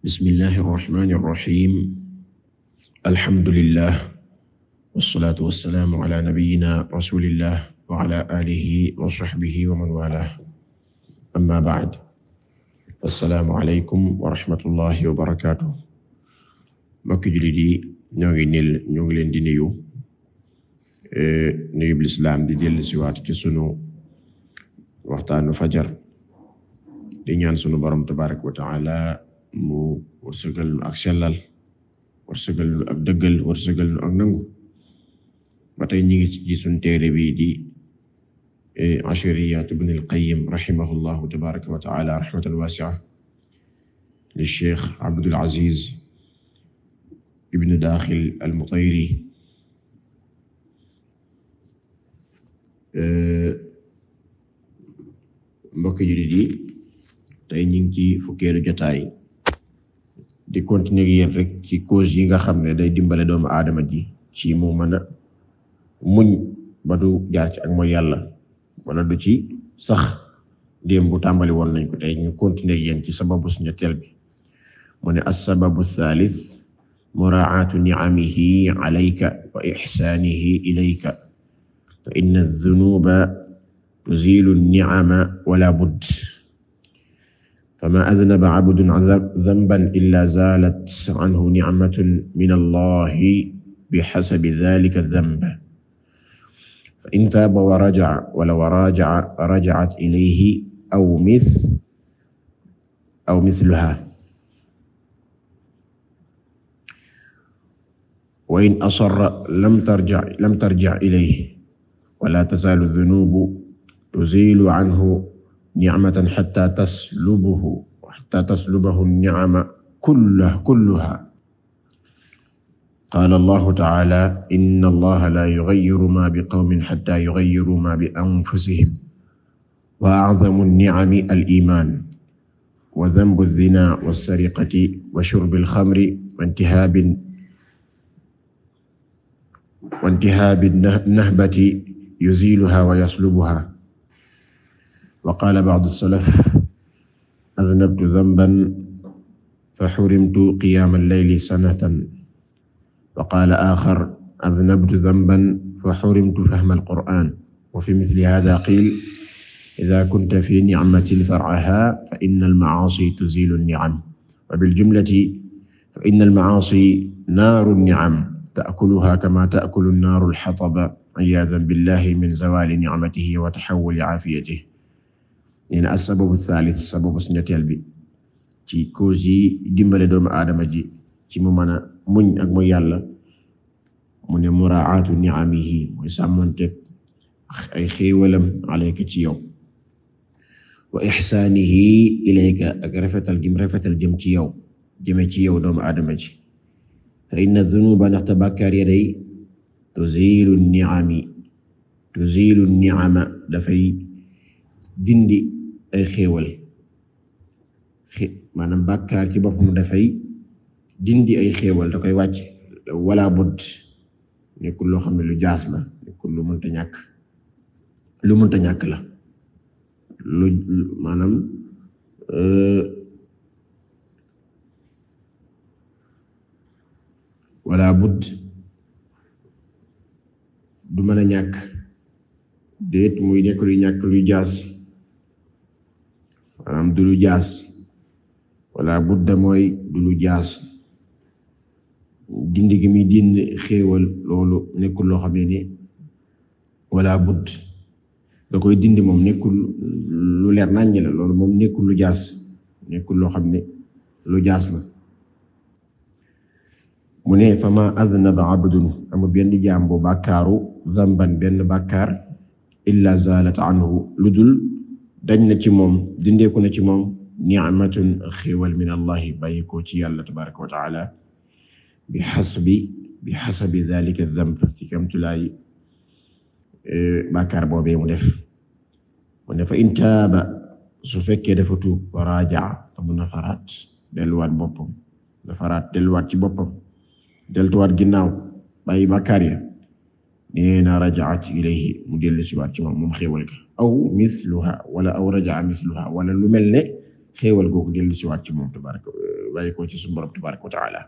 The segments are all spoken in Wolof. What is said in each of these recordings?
bismillahi irrahmani irrahim alhamdulillah wasalaatu wasalaamu ala nabiyina rasulillah wa ala alihi wa sahbihi wa man walah amma ba'd assalaamu aleykum wa rahmatullahi wa barakatuh mbokk jullit yi ñoo ngi nil ñoo ngi leen di nuyu e, nuyub lislaam di dellu siwaat ci sunu waxtaanu fajar di ñaan sunu borom tabaraka wa taala mu wërsëgal nu ak sellal wërsëgal ak dëggal wërsëgal ak nangu ba tey ñu ngi ci sunu téere bi di e, ashariyat ibn al-Qayyim rahimahullahu tabaraka wa taala rahmatan li Cheikh Abdul Aziz ibn Daxil al-Mutayri e, mbokk jullit tey ñu ngi ci fukkeelu jotaay di continuer yéen rek ci cause yi nga xam ne day dimbale doomu aadama ji ci mu mën a muñ ba du jaar ci ak moo yàlla wala du ci sax démb bu tàmbali woon nañ ko te ñu continuer yéen ci sababu si teel bi mu ne as-sababu thalis muraa'atu ni'amihi alayka wa ihsaanihi ilayka fa inna adh-dhunuba tuzilu an-ni'ama wala budd fama aznaba abdun zanban illa zalat anhu ni'matun min allahi bihasabi dhalika adh-dhanb fa in taaba wa raja'a walaw raja'a raja'at ilayhi aw mith aw mithluha wa in asarra lam tarji' lam tarji' ilayhi wa la tazalu dhunubu tuzilu anhu ni'matan hatta taslubuhu hatta taslubahu an-ni'ama kulluha kulluha qaala allahu ta'ala inna allaha la yughayyiru ma biqawmin hatta yughayyiru ma bi anfusihim wa a'zamu an-ni'ami al-iman wa dhanbu adh-dhina was-sariqati wa shurbi al-khamri wa intihabi wa intihabi an-nahbati yuziluha wa yaslubuha wa qaala ba'du salaf aznabtu zanban fa xurimtu qiyaama al-layli sanatan wa qaala aaxar aznabtu zanban fa xurimtu fahma al-qur'aan wa fi misli haadaa qiila izaa kunta fi ni'matin far'ahaa fa inna al-ma'aasi tuziilu an-ni'am wa bil-jumlati fa inna al-ma'aasi naaru an-ni'am ta'kuluhaa kamaa ta'kulu an-naaru al-hatab 'iyaazan billahi min zawaali ni'matihi wa tahawwuli 'aafiyatihi nee na as-sababu thalith sababu bi ci cause yi dimbale doomu aadama ji ci mu mën a muñ ak mu yàlla mu ne muraatu ni'amihi mooy sàmmonteeg ay xéewalam alayka ci yow wa ihsaanihi ilayka ak rafetal gim rafetal jëm ci yow jëme ci yow doomu aadama ji fa inna zunuba ndaxte bàkkaar ya day tuzilu ni'ami tuzilu dafay dindi ay xéewal maanaam bàkkaar ci boppam dafay dindi ay xéewal da koy wàcce wala bud nekkul loo xam ne lu jaas na nekkul lu mënta ñàkk lu mënta ñàkk la lu maanaam euh, wala bud du mën a ñàkk déet muy nekk luy ñàkk luy jaas maanaam du lu jaas wala budda mooy du lu jaas dindi gi muy dind xéewal loolu nekkul loo xam ne ni wala budd da koy dindi moom nekkul lu leer naññ la loolu moom nekkul lu jaas nekkul loo xam ne lu jaas la mu ne fama aznaba abdun amul benn jaam bu bàkkaaru zamban benn bàkkaar illa zalat anhu lu dul dañ na ci moom dindeeku na ci moom ni'matun xiiwal min allahi bàyyi ko ci yàlla tabaraka wa taala bi xasbi bi xasabi dalika damb ci kamtulaay e, bàkkaar boobee mu def mu ne fa su fekkee dafa tuub wa raaja tamu nafaraat delluwaat boppam delluwaat ci boppam deltuwaat ginnaaw bàyyi bàkkaar ya neena rajaat ilayhi mu dellu si waat ci moom moom xéewal ga aw misluha wala aw rajaa misluha wala lu mel ne xéewal googu dellu si waat ci moom tabarak bàyyi ci suñu borom tabaraka wa taala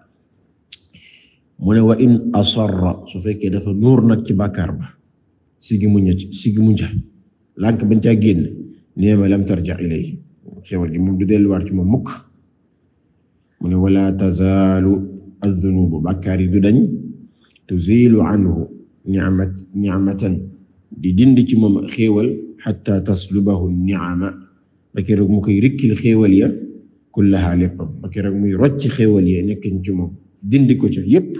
mu ne wa in asarra su fekkee dafa nur nag ci bàkkaar ba sigi muña sigi muña lànk bañ caa génn neema lam tarja ilayhi xéewal gi mu du dellu waat ci moom mukk mu ne wala tazaalu azunubu bàkkaar yi du dañ tuzilu anhu ni'mat ni'matan di dind ci moom xéewal xatta taslubahu ni'ama ba keroog mu koy rikkil xéewal ya kullaha léppam ba keroog muy rocc xéewal ya nekkin ci moom dindi ko ca yépp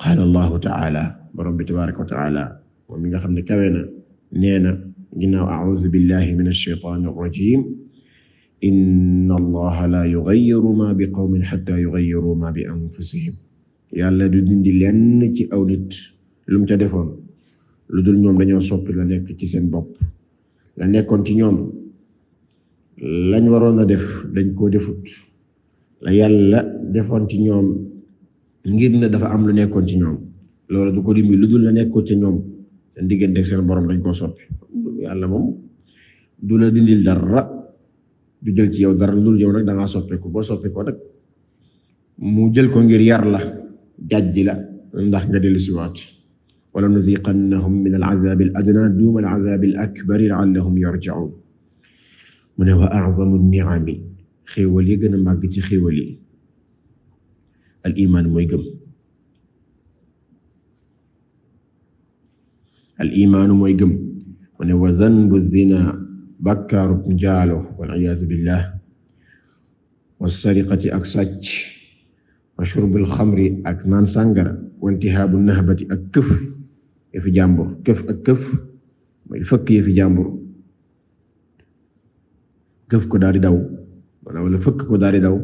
qaala allahu taala borom bi tabaraka wa taala moom mi nga xam ne kawe na nee na ginnaaw a'uudu billahi min ash-shaytaani ar-rajiim inna allaha la yughayyiru ma bi qawmin hatta yughayyiru ma bi anfusihim yàlla du dindi lenn ci aw nit lu mu ca defoon lu dul ñoom dañoo soppi la nekk ci seen bopp la nekkoon ci ñoom lañ waroon a def dañ koo defut la yàlla defoon ci ñoom ngir ne dafa am lu nekkoon ci ñoom loolu du ko dimbi lu dul la nekkoon ci ñoom seen diggante seen borom dañ koo soppi yàlla moom du la dindil dara du jël ci yow dara lu dul yow nag da ngaa soppeeku boo soppeekoo rek mu jël ko ngir yar la jàjji la ndax nga dellu siwaat wala nuziqannahum min al-azaabi al-adnaa duuna al-azaabi al-akbari la'allahum yarji'uun mu ne wa a'zamu an-ni'ami xéewal yi gën a màgg ci xéewal yi al-iimaan mooy gëm al-iimaanu mooy gëm mu ne wa zanbu zinaa bakkaaru njaalo wal-'iyaazu billah wa sariqati ak sàcc wa shurbul xamri ak naan sàngara wa intihaabu nahbati ak këf yëfi jàmbur këf ak këf mooy fëkk yëfi jàmbur këf ko daal di daw wala wala fëkk ko daal di daw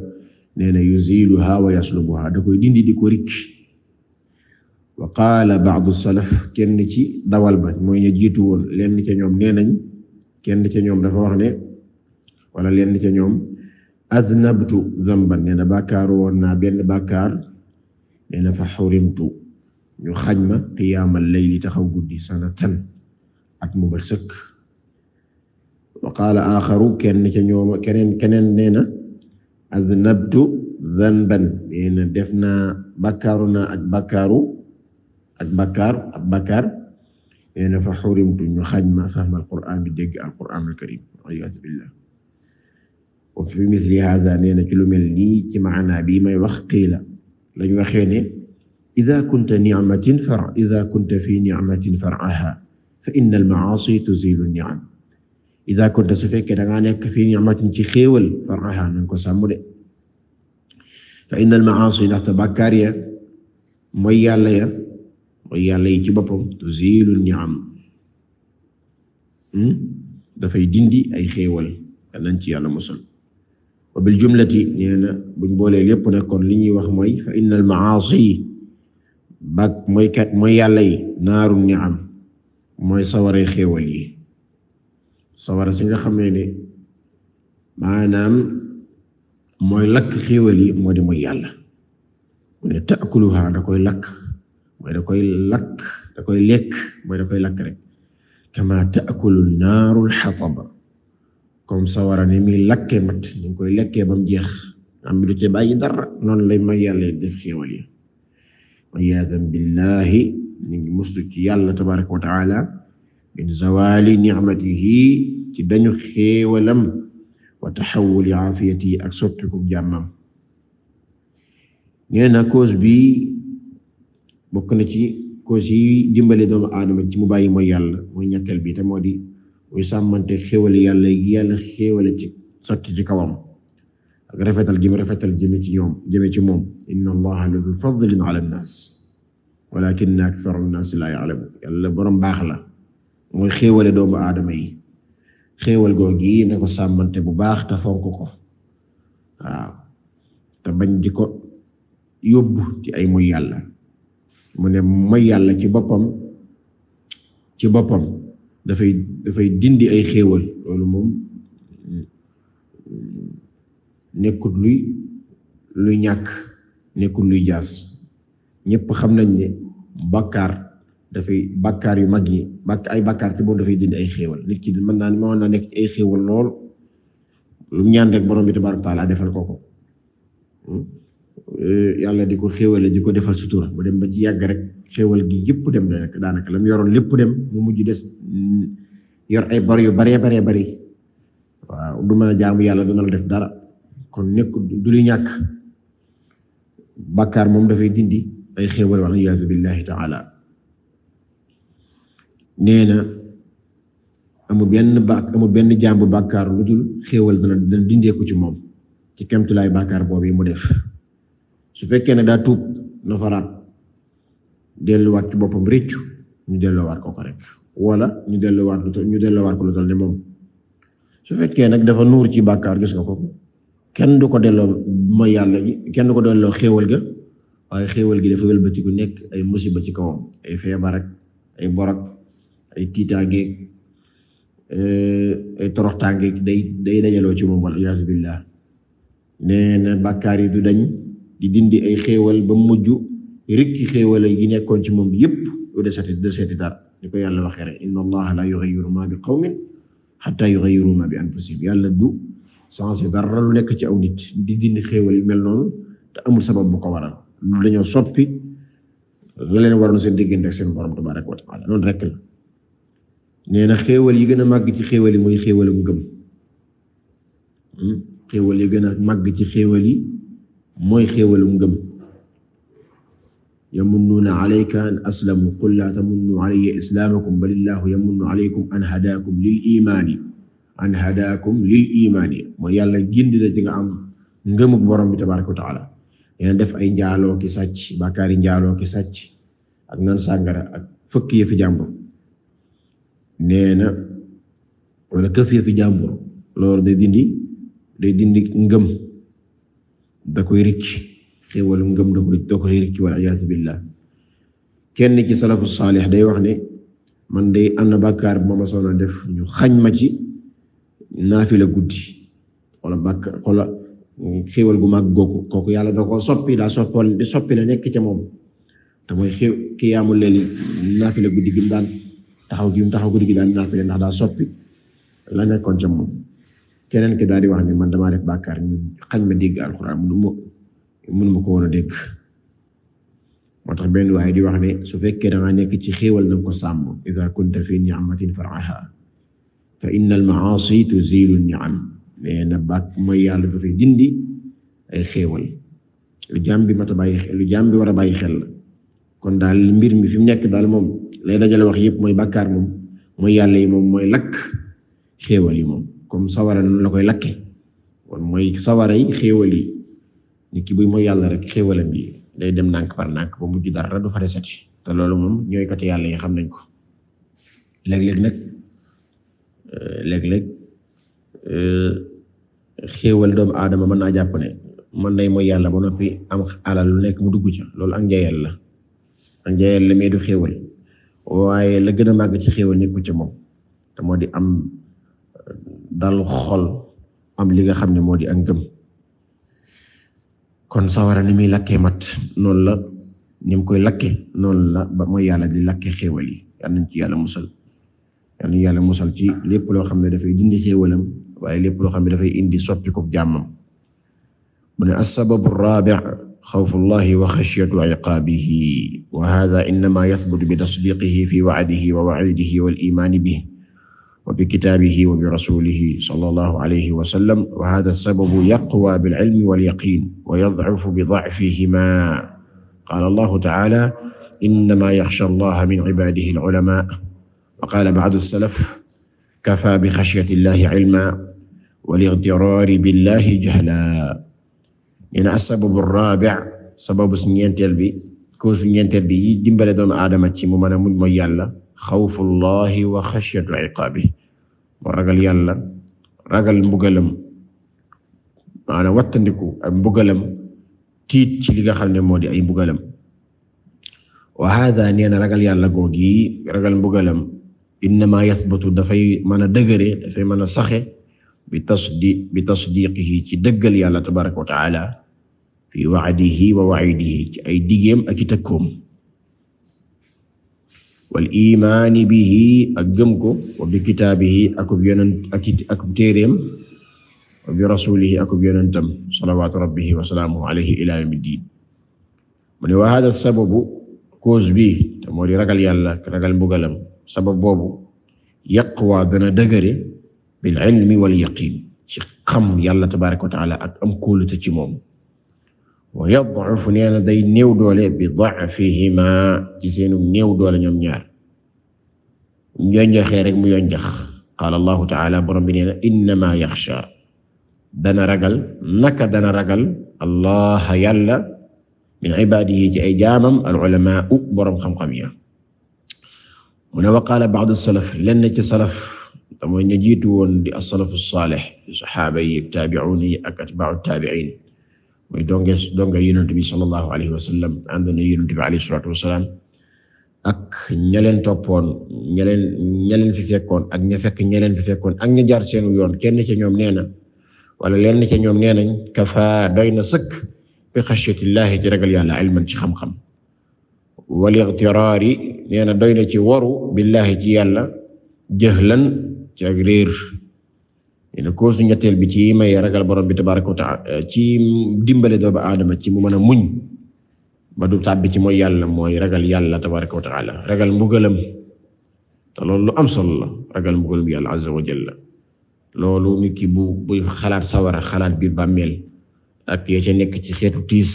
nee na yuziluha wa yaslubuha da koy dindi di ko rikki wa qaala ba'du salaf kenn ci dawal ba mooy ña jiitu woon lenn ca ñoom nee nañ kenn ca ñoom dafa wax ne wala lenn ca ñoom aznabtu zamban nee na bàkkaar woon benn bàkkaar nee na fa xurimtu ñu xañ ma qiyaamal layli taxaw guddi sanatan at mu bal sëkk wa qaala axaru kenn ca ñooma keneen keneen nee na aznabtu zanban nee na def naa bàkkaaru naa ak bàkkaaru ak bàkkaar ak bàkkaar fa xurimtu ñu xañ ma fahma alquran bi dégg alquran alkarim aliasubillah wa fi misli hada nee na ci lu mel nii ci maana bii may wax qiila lañ waxee ne ida kunta ni'matin far ida kunta fi ni'matin far'aha fa inna al-ma'asi tuzilu ni'am ida kunta su fekkee nga nekk fi ni'matin ci xéewal far'aha nañ ko sàmm de fa inna al-ma'asi ndaxte bàkkaar mooy yàlla ya mooy yàlla yi ci boppam tuzilu ni'am hmm? dafay dindi ay xéewal nañ ci yàlla musal wa bil jumlati nee na buñ boolee lépp nag li ñuy wax mooy fa innal maasi bak mooy kat mooy yàlla yi naaru ni'am mooy saware xéewal yi sawara si nga xamee ne maanaam mooy lakk xéewal yi moo di mooy yàlla mu ne taakuluha da koy lakk mooy da koy lakk da koy lekk mooy da koy lakk rek kama taakulu naaru alxatab comme sawara ni muy lakkee mat ni ngi koy lakkee ba mu jeex am bi du ci bàyyi dara noonu lay may yàlla def xéewal yi wayaadan billahi ni ngi mustu ci yàlla tabaraka wa taala min zawali ci dañu xéewalam wa taxawuli aafiyati ak soppiku jàmmam nee na cause bi bokk na ci cause yi dimbale doomu aadama ci mu bàyyi mooy yàlla mooy ñetteel bi te moo muy sàmmante xéwal yàlla yàlla xéwale ci sotti ci kawam ak rafetal gi mu rafetal jëme ci ñoom jëme ci moom inna allaha la zu fadlin ala nnaas walakin akthara nnaasi laa ya'lamuun yàlla borom baax la mooy xéwale doomu aadama yi xéwal googi na ko sàmmante bu baax te fonk ko waaw te bañ di ko yóbbu ci ay moy yàlla mu yàlla ci boppam ci boppam dafay dafay dindi ay xéewal loolu moom nekkut luy luy ñàkk nekkut luy jaas ñépp xam nañ ne bàkkaar dafay bàkkaar yu mag yi bàkk ay bàkkaar ci moom dafay dindi ay xéewal nit ki mën naa mën naa nekk ci ay xéewal lool lu ñaan rek borom bi tabaaraka taala defal ko ko hmm? Euh, yàlla di ko xéewale di ko defal sutura mu dem ba ci yàgg rek xéewal gi yëpp dem daanaka la mu yoroon lépp dem mu mujj des mm, yor ay bari yu baree baree bari waaw du mën a jaamu yàlla du mën def dara kon nekk du ñàkk bàkkaar moom dafay dindi ay xéewal wal iyaazu billahi taala nee na amul benn ba amul benn jaam bu bàkkaar lu dul xéewal dana dana dindeeku ci moom ci kemtulaay bàkkaar boobu mu def su fekkee ne daa tuub na delluwaat ci boppam réccu ñu delloowaat ko ko rek wala ñu delloowaat lu toll ñu delloowaat ko lu toll ne moom su fekkee nag dafa nuur ci bàkkaar gis nga ko kenn du ko delloo mooy yàlla gi kenn du ko delloo xéewal ga waaye xéewal gi dafa wëlbatiku nekk ay musiba ci kawam ay feebar ay borak ay tiitaangeeg eh, ay toroxtaangeeg day day dajaloo ci moom wal iyaazu billah nee na bàkkaar yi du dañ di dindi ay xéewal ba mu mujj rikki xéewal yi nekkoon ci moom yépp lu desati desati dara di ko yàlla waxee rek inna allaha la yughayyiru ma bi qawmin hatta yughayyiru ma bi anfusihim yàlla du changé dara lu nekk ci aw nit di dindi xéewal yu mel noonu te amul sabab bu ko waral dañoo soppi la leen waroon seen diggante ak seen borom tabaraka wa taala noonu rek la nee na xéewal yi gën a màgg ci xéewal yi mooy xéewalu ngëm hmm? xéewal yi gën a màgg ci xéewal yi mooy xéewalu ngëm yamunnuuna alayka an aslamu qul laa tamunnu alayya islaamakum bal illaahu yamunnu alaykum an hadaakum lil imaani an hadaakum lil imaani mooy yàlla gindi la ci nga am ngëmug borom bi tabaaraka wa taala def ay njaaloo ki sàcc bàkkaari njaaloo ki sàcc ak naan sàngara ak fëkk yëfi jàmbur nee wala këf yëfi jàmbur loolu day dindi day dindi ngëm da koy rëcc xéewalu ngëm da koy da koy rëcc wal kenn ci salafu saalix day wax ne man de am na bàkkaar bu ma masoon a def ñu xañ ma ci naafila guddi xola bàkkaar xola xéewal gu mag googu kooku yàlla da koo soppi daa soppal di soppi la nekk ca moom te mooy kii qiyaamul layli naafila guddi gi mu daan taxaw gi mu taxaw guddi gi daan naafila ndax daa soppi la nekkoon ca moom keneen ki daal di wax ne man damaa def bàkkaar ñu xañ ma dégg alxuraan mënu ma mënu ma ko woon a dégg moo tax benn waaye di wax ne su fekkee da nga nekk ci xéewal na ko sàmm idha kunta ma ni'matin far'aha fa innal ma'asi tuzilu ni'am mooy yàlla dafay dindi ay xéewal lu jaam bi mat a bàyyi xel lu jaam war a bàyyi xel la kon daal mbir mi fi mu nekk daal moom lay dajale wax yëpp mooy bàkkaar moom mooy yàlla yi moom mooy lakk xéewal yi moom comme sawara noonu la koy lakke kon mooy sawara yi xéewal yi nit ki buy mooy yàlla rek xéewalam bi day dem nànk par nànk ba mujj dara du fa desati te loolu moom ñooy côté yàlla yi xam nañ ko léeg-léeg nag euh, léeg-léeg euh, xéewal doomu adama mën naa jàpp ne mën nay mooy yàlla ba noppi am alal lu nekk mu dugg ca loolu ak njayal la ak njayal la mais du xéewal waaye la gën a màgg ci xéewal nekku ca moom te am dalu xol am li nga xam ne moo di ak kon sawara ni muy lakkee mat noonu la ni mu koy lakke noonu la ba mooy yàlla di lakke xéewal yi yal ci yàlla musal yal nañ musal ci lépp loo xam ne dafay dindi xéewalam waaye lépp loo xam ne dafay indi soppi ko jàmmam mu ne assababu raabi' xawfu llahi wa xashyatu iqaabihi wa haaza innamaa yasbutu bi tasdiiqihi fi wa'dihi wa wa'iidihi wal iimaani bihi wa bi kitaabihi wa bi rasulihi sallallahu alayhi wa sallam wa haadha sababu yaqwa bil ilmi wal yaqiin wa yad'ufu bi da'fihimaa qaala allahu ta'aala innamaa yaxsha allaha min cibaadihi al ulamaa wa qaala ba'du salaf kafaa bi xashyati llahi cilmaa wal ightiraari billahi jahlaa ina as-sababu ar-raabi' sababu ñeenteel bi ko ñeenteel bi dimbale doomu aadama ci mu mën a muñ mooy yàlla xawfu xawfullahi wa xashyatu iqaabi moo ragal yàlla ragal mbugalam maanaam wattandiku ak mbugalam tiit ci li nga xam ne moo di ay mbugalam wa hada nee ragal yàlla googi ragal mbugalam innama yasbatu dafay mën a dëgëre dafay mën a saxe bi tasdi bi tasdiqihi ci dëggal yàlla tabaraka wa taala fi wa'dihi wa wa'idihi ci ay digéem ak i tëkkoom wal imaani bihi ak gëm ko wa bi kitaabihi akub yonent akub téereem wa bi rasulihi akub yonentam salawaatu rabbihi wa salaamuhu alayhi ila yawmi diin mu ne wa hada sababu cause bi te moo di ragal yàlla ragal mbugalam sabab boobu yaqwa dana dëgëre bil ilmi wal yaqiin ci xam yàlla tabaaraka wa taala ak am kóolute ci moom wa yad'ufu nee na day néew doole bi da'fihima ci seenu néew doole ñoom ñaar yonjaxee rek mu yonjax qaala allahu taala borom bi nee na innama yaxsha dana ragal naka dana ragal allah yàlla min ibaadihi ci ay jaamam al ulamaa borom xam-xam ya mu ne wa qaala ba'du salaf lenn ci salaf te mooy ñu jiitu woon di as-salafu saalih saxaaba yi taabi'uun yi ak atbaa'u taabi'iin mooy donge donga yonent bi sallallahu alayhi wa sallam ànd na yonent bi alayhi salaatu wa ak ña leen toppoon ña leen ña leen fi fekkoon ak ña fekk ña leen fi fekkoon ak ña jaar seenu yoon kenn ca ñoom nee na wala leen ca ñoom nee nañ kafa doy na sëkk bi xashyatillahi ci ragal yàlla ilman ci xam-xam wal ightirari nee na doy na ci waru billahi ci yàlla jëhlan ci ak réer ina cause ñetteel bi ci may ragal borom bi tabaraka wa taala euh, ci dimbale doomu aadama ci mu mën a muñ ba du tàbbi ci mooy yàlla mooy ragal yàlla tabaraka wa taala ragal mbugalam te loolu lu am solo la ragal mbugalam yàlla azza wa jalla loolu nit bu xalaat sawara xalaat biir bàmmeel ak ya ca nekk ci xeetu tiis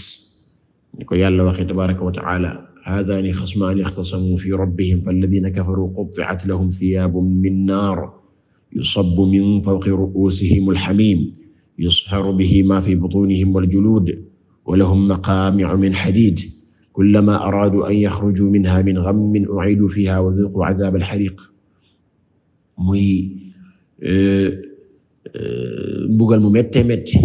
ni ko yàlla waxe tabaraka wa taala haadaani xasmaani ixtasamu fi rabbihim fa alladina kafaru qutiat lahum thiyaabun min naar yusabbu min fawqi ru'uusihim alxamiim yusharu bihi maa fi butuunihim waljuluud wa lahum maqaami'u min xadiid kullamaa araaduu an yaxrujuu minhaa min gammin u'iiduu fiihaa wa zuuquu azaab alxariiq muy eh, eh, mbugal mu méttee métti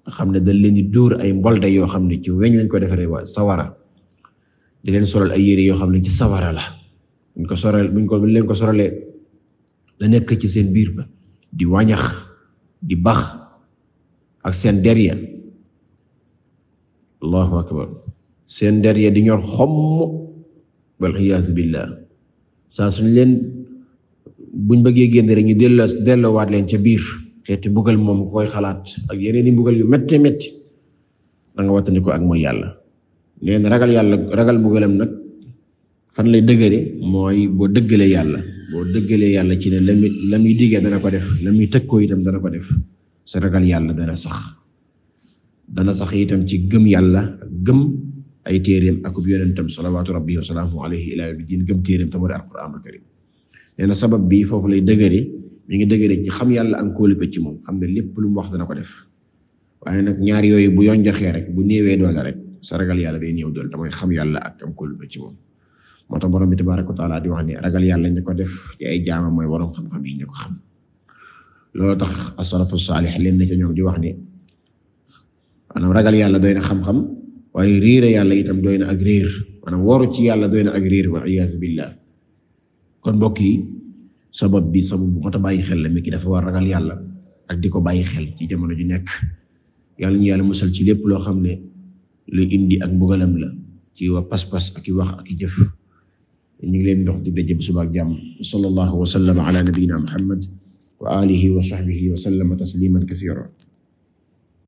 nga xam ne dañ leen di dóor ay mbolde yoo xam ne ci weñ lañ ko defaree waa sawara di leen solal ay yére yoo xam ne ci sawara la buñ ko soral buñ ko buñ leen ko soralee la nekk ci seen biir ba di wañax di bax ak seen der ya allahu akbar seen der di ñor xomm wal iyaazu billah saa suñ leen buñ bëggee génn rek ñu delloo delloowaat leen ca biir xeeti buggal moom koy xalaat ak yeneen i mbugal yu métti métti da nga ko ak mooy yàlla leen ragal yàlla ragal mbugalam nag fan lay dëgëre mooy boo dëggalee yàlla boo dëggalee yàlla ci ne la muy la muy diggee dana ko def la muy teg ko itam dana ko def sergal yàlla dana sax dana sax itam ci gëm yàlla gëm ay téeréem akub yonentam salawaatu rabbi wa salaamu alayhi ila bi diin gëm téeréem tamit alquran alkarim na sabab bi foofu lay dëgëre mi ngi dëgëre ci xam yàlla am kóolute ci moom xam ne lépp lu mu wax dana ko def waaye nag ñaar yooyu bu yonjaxee rek bu néewee doole rek sa yàlla day néew doole damay xam yàlla ak am kóolute ci moom moo tax borom bi tabaaraka wa taala di wax ne ragal yàlla ñu ko def ay jaama mooy borom ñu ko xam loolu tax as-salafu saalix leen na ca ñoom di wax ne ragal yàlla doy na xam-xam waaye riire yàlla itam doy na ak riir maanaam waru ci yàlla doy na ak riir wal iyaazu billah kon mbokk yi sabab bi sabab bu mot a bàyyi xel la mi ki dafa war ragal yàlla ak di ko bàyyi xel ci jamono ji nekk yàlla ñu yàlla musal ci lépp loo xam ne lu indi ak mbugalam la ci wa pas-pas ak i wax ak i jëf ñu ngi leen dox di daje bu suba ak jàmm sallallahu wa sallama ala nabiyyina muhammad wa alihi wa sahbihi wa sallama tasliman kathira